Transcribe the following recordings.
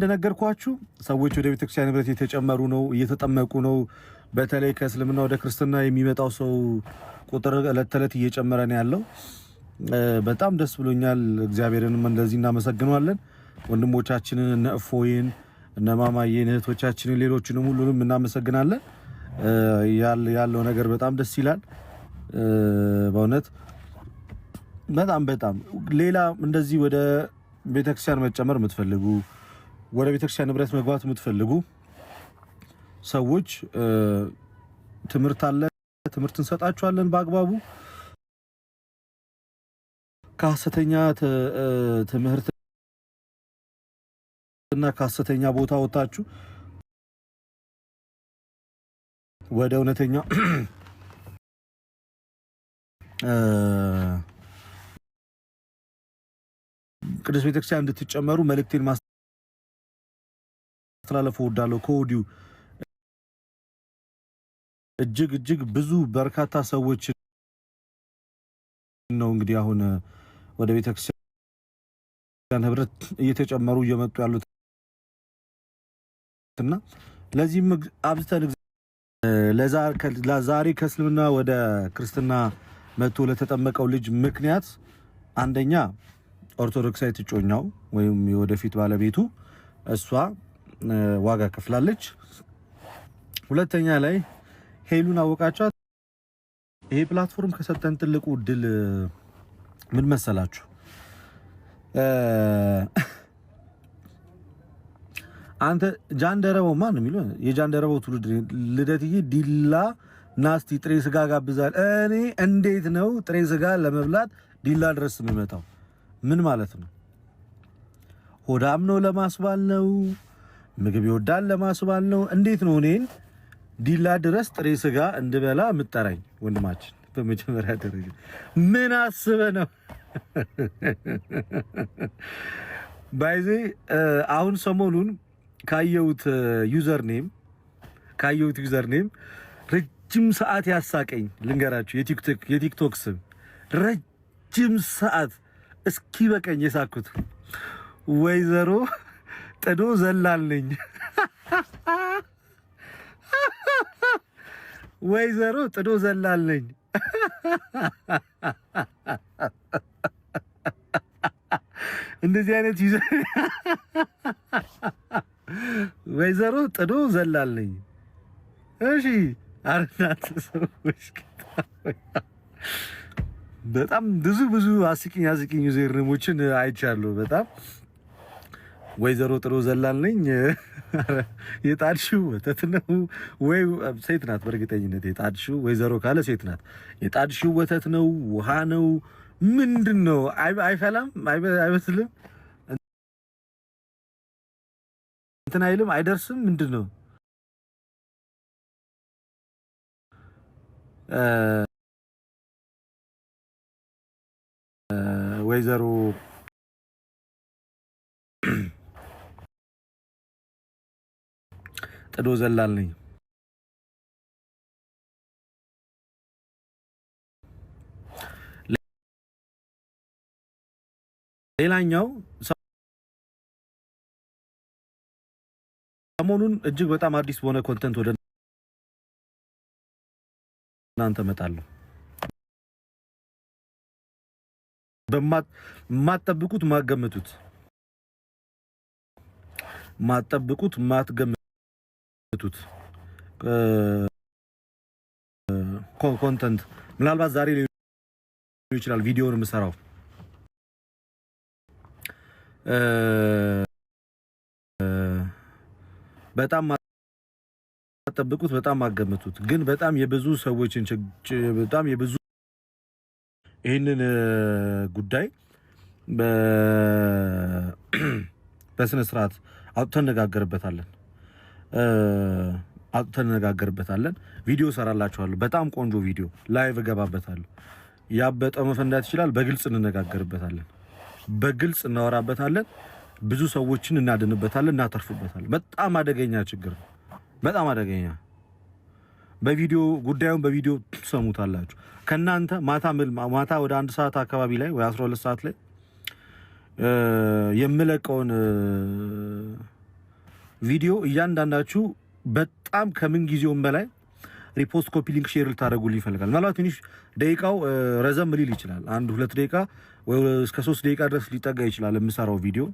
እንደነገርኳችሁ ሰዎች ወደ ቤተክርስቲያን ህብረት እየተጨመሩ ነው፣ እየተጠመቁ ነው። በተለይ ከእስልምና ወደ ክርስትና የሚመጣው ሰው ቁጥር እለት ተእለት እየጨመረ ነው ያለው። በጣም ደስ ብሎኛል። እግዚአብሔርንም እንደዚህ እናመሰግነዋለን። ወንድሞቻችንን እነ እፎይን፣ እነ ማማዬን፣ እህቶቻችንን፣ ሌሎችንም ሁሉንም እናመሰግናለን። ያለው ነገር በጣም ደስ ይላል። በእውነት በጣም በጣም ሌላ እንደዚህ ወደ ቤተክርስቲያን መጨመር የምትፈልጉ ወደ ቤተክርስቲያን ንብረት መግባት የምትፈልጉ ሰዎች ትምህርት አለ። ትምህርት እንሰጣችኋለን በአግባቡ ከሐሰተኛ ትምህርት እና ከሐሰተኛ ቦታ ወጣችሁ ወደ እውነተኛ ቅዱስ ቤተክርስቲያን እንድትጨመሩ መልእክቴን ማስ ላስተላለፈው ወዳለው ከወዲሁ እጅግ እጅግ ብዙ በርካታ ሰዎች ነው እንግዲህ አሁን ወደ ቤተክርስቲያን ህብረት እየተጨመሩ እየመጡ ያሉት እና ለዚህም አብዝተን ለዛሬ ከእስልምና ወደ ክርስትና መጥቶ ለተጠመቀው ልጅ ምክንያት አንደኛ ኦርቶዶክሳዊት እጮኛው ወይም የወደፊት ባለቤቱ እሷ ዋጋ ከፍላለች። ሁለተኛ ላይ ሄሉን አወቃቸዋት። ይሄ ፕላትፎርም ከሰጠን ትልቁ እድል ምን መሰላችሁ? አንተ ጃንደረባው ማን የሚለው የጃንደረባው ትውልድ ልደትዬ ዲላ ናስቲ ጥሬ ስጋ ጋብዛል። እኔ እንዴት ነው ጥሬ ስጋ ለመብላት ዲላ ድረስ የሚመጣው? ምን ማለት ነው? ሆዳም ነው ለማስባል ነው ምግብ ይወዳል ለማስባል ነው። እንዴት ነው እኔን ዲላ ድረስ ጥሬ ስጋ እንድበላ የምጠራኝ ወንድማችን? በመጀመሪያ ደረጃ ምን አስበ ነው ባይዜ አሁን ሰሞኑን ካየሁት ዩዘር ኔም ካየሁት ረጅም ሰዓት ያሳቀኝ ልንገራችሁ። የቲክቶክ ስም ረጅም ሰዓት እስኪ በቀኝ የሳኩት ወይዘሮ ጥዶ ዘላለኝ። ወይዘሮ ጥዶ ዘላለኝ። እንደዚህ አይነት ይዘ ወይዘሮ ጥዶ ዘላለኝ። እሺ አርናት ሰዎች በጣም ብዙ ብዙ አስቂኝ አስቂኝ ዜርሞችን አይቻለሁ በጣም ወይዘሮ ጥሩ ዘላል ነኝ። የጣድሽው ወተት ነው ወይ? ሴት ናት በእርግጠኝነት የጣድሽው ወይዘሮ ካለ ሴት ናት። የጣድሽው ወተት ነው? ውሃ ነው? ምንድን ነው? አይፈላም? አይበስልም? እንትን አይልም? አይደርስም? ምንድን ነው? ወይዘሮ ጥዶ ዘላል ነኝ። ሌላኛው ሰሞኑን እጅግ በጣም አዲስ በሆነ ኮንተንት ወደ እናንተ እመጣለሁ። በማትጠብቁት ማትገምቱት ማትጠብቁት ማትገምቱት ቱት ኮንተንት ምናልባት ዛሬ ሊሆን ይችላል ቪዲዮን የምሰራው በጣም ማጠብቁት በጣም አገምቱት ግን በጣም የብዙ ሰዎችን በጣም የብዙ ይህንን ጉዳይ በስነ ስርዓት ተነጋገርበታለን። ቪዲዮ ሰራላችኋለሁ። በጣም ቆንጆ ቪዲዮ ላይቭ እገባበታለሁ። ያበጠ መፈንዳት ይችላል። በግልጽ እንነጋገርበታለን። በግልጽ እናወራበታለን። ብዙ ሰዎችን እናድንበታለን፣ እናተርፉበታለን። በጣም አደገኛ ችግር ነው። በጣም አደገኛ በቪዲዮ ጉዳዩን በቪዲዮ ትሰሙታላችሁ። ከእናንተ ማታ ማታ ወደ አንድ ሰዓት አካባቢ ላይ ወይ 12 ሰዓት ላይ የምለቀውን ቪዲዮ እያንዳንዳችሁ በጣም ከምን ጊዜውም በላይ ሪፖስት ኮፒ ሊንክ ሼር ልታደረጉልኝ ይፈልጋል። ምናልባት ትንሽ ደቂቃው ረዘም ሊል ይችላል። አንድ ሁለት ደቂቃ ወይ እስከ ሶስት ደቂቃ ድረስ ሊጠጋ ይችላል የምሰራው ቪዲዮ።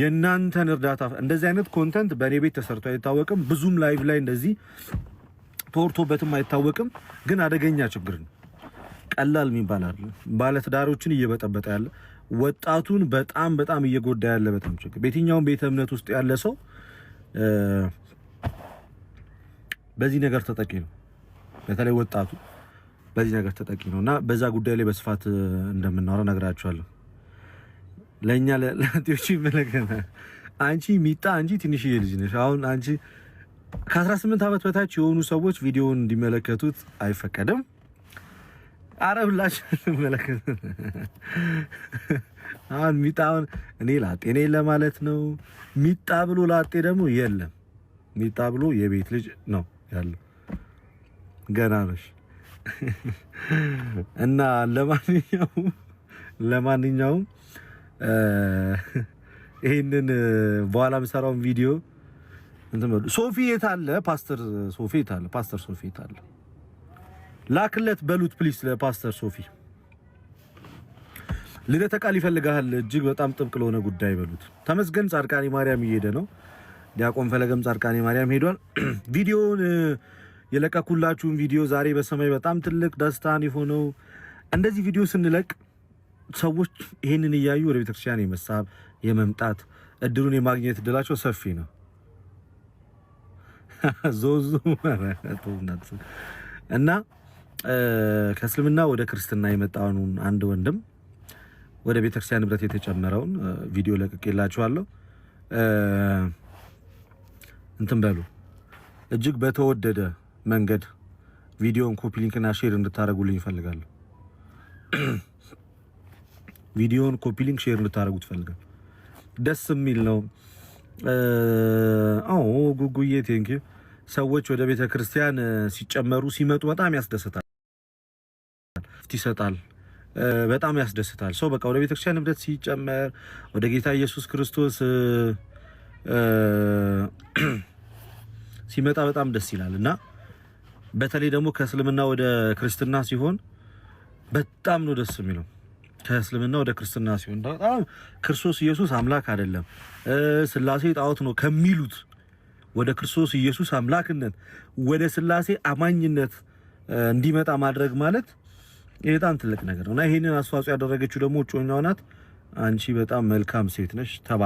የእናንተን እርዳታ እንደዚህ አይነት ኮንተንት በእኔ ቤት ተሰርቶ አይታወቅም። ብዙም ላይቭ ላይ እንደዚህ ተወርቶበትም አይታወቅም። ግን አደገኛ ችግር ነው። ቀላል የሚባል አይደለም። ባለትዳሮችን እየበጠበጠ ያለ ወጣቱን በጣም በጣም እየጎዳ ያለ በጣም ችግር በየትኛውም ቤተ እምነት ውስጥ ያለ ሰው በዚህ ነገር ተጠቂ ነው። በተለይ ወጣቱ በዚህ ነገር ተጠቂ ነው እና በዛ ጉዳይ ላይ በስፋት እንደምናወራ ነግራችኋለሁ። ለእኛ ለጤዎች ይመለከና አንቺ ሚጣ አንቺ ትንሽዬ ልጅ ነሽ። አሁን አንቺ ከ18 ዓመት በታች የሆኑ ሰዎች ቪዲዮውን እንዲመለከቱት አይፈቀድም። አረ ሁላችሁም ትመለከቱ። አሁን ሚጣውን እኔ ላጤ ነኝ ለማለት ነው። ሚጣ ብሎ ላጤ ደግሞ የለም። ሚጣ ብሎ የቤት ልጅ ነው ያለው። ገና ነሽ እና ለማንኛውም ለማንኛውም ይህንን በኋላ የምሰራውን ቪዲዮ ሶፊ የት አለ? ፓስተር ሶፊ የት አለ? ፓስተር ሶፊ የት አለ? ላክለት በሉት ፕሊስ ለፓስተር ሶፊ ልደተ ቃል ይፈልጋል እጅግ በጣም ጥብቅ ለሆነ ጉዳይ በሉት። ተመስገን ጻድቃኔ ማርያም እየሄደ ነው። ዲያቆን ፈለገም ጻድቃኔ ማርያም ሄዷል። ቪዲዮውን የለቀኩላችሁን ቪዲዮ ዛሬ በሰማይ በጣም ትልቅ ደስታን የሆነው እንደዚህ ቪዲዮ ስንለቅ ሰዎች ይህንን እያዩ ወደ ቤተክርስቲያን የመሳብ የመምጣት እድሉን የማግኘት እድላቸው ሰፊ ነው። ዞዞ እና ከእስልምና ወደ ክርስትና የመጣውን አንድ ወንድም ወደ ቤተክርስቲያን ንብረት የተጨመረውን ቪዲዮ ለቅቄላችኋለሁ። እንትን በሉ እጅግ በተወደደ መንገድ ቪዲዮን ኮፒ ሊንክና ሼር እንድታደረጉልኝ ይፈልጋሉ። ቪዲዮን ኮፒ ሊንክ ሼር እንድታደረጉ ትፈልጋል። ደስ የሚል ነው። አዎ ጉጉዬ ቴንኪ። ሰዎች ወደ ቤተክርስቲያን ሲጨመሩ ሲመጡ በጣም ያስደስታል። እረፍት ይሰጣል። በጣም ያስደስታል። ሰው በቃ ወደ ቤተክርስቲያን ህብረት ሲጨመር ወደ ጌታ ኢየሱስ ክርስቶስ ሲመጣ በጣም ደስ ይላል እና በተለይ ደግሞ ከእስልምና ወደ ክርስትና ሲሆን በጣም ነው ደስ የሚለው። ከእስልምና ወደ ክርስትና ሲሆን በጣም ክርስቶስ ኢየሱስ አምላክ አይደለም፣ ስላሴ ጣዖት ነው ከሚሉት ወደ ክርስቶስ ኢየሱስ አምላክነት ወደ ስላሴ አማኝነት እንዲመጣ ማድረግ ማለት ይህ በጣም ትልቅ ነገር ነው እና ይህንን አስተዋጽኦ ያደረገችው ደግሞ እጮኛዋ ናት። አንቺ በጣም መልካም ሴት ነሽ ተባ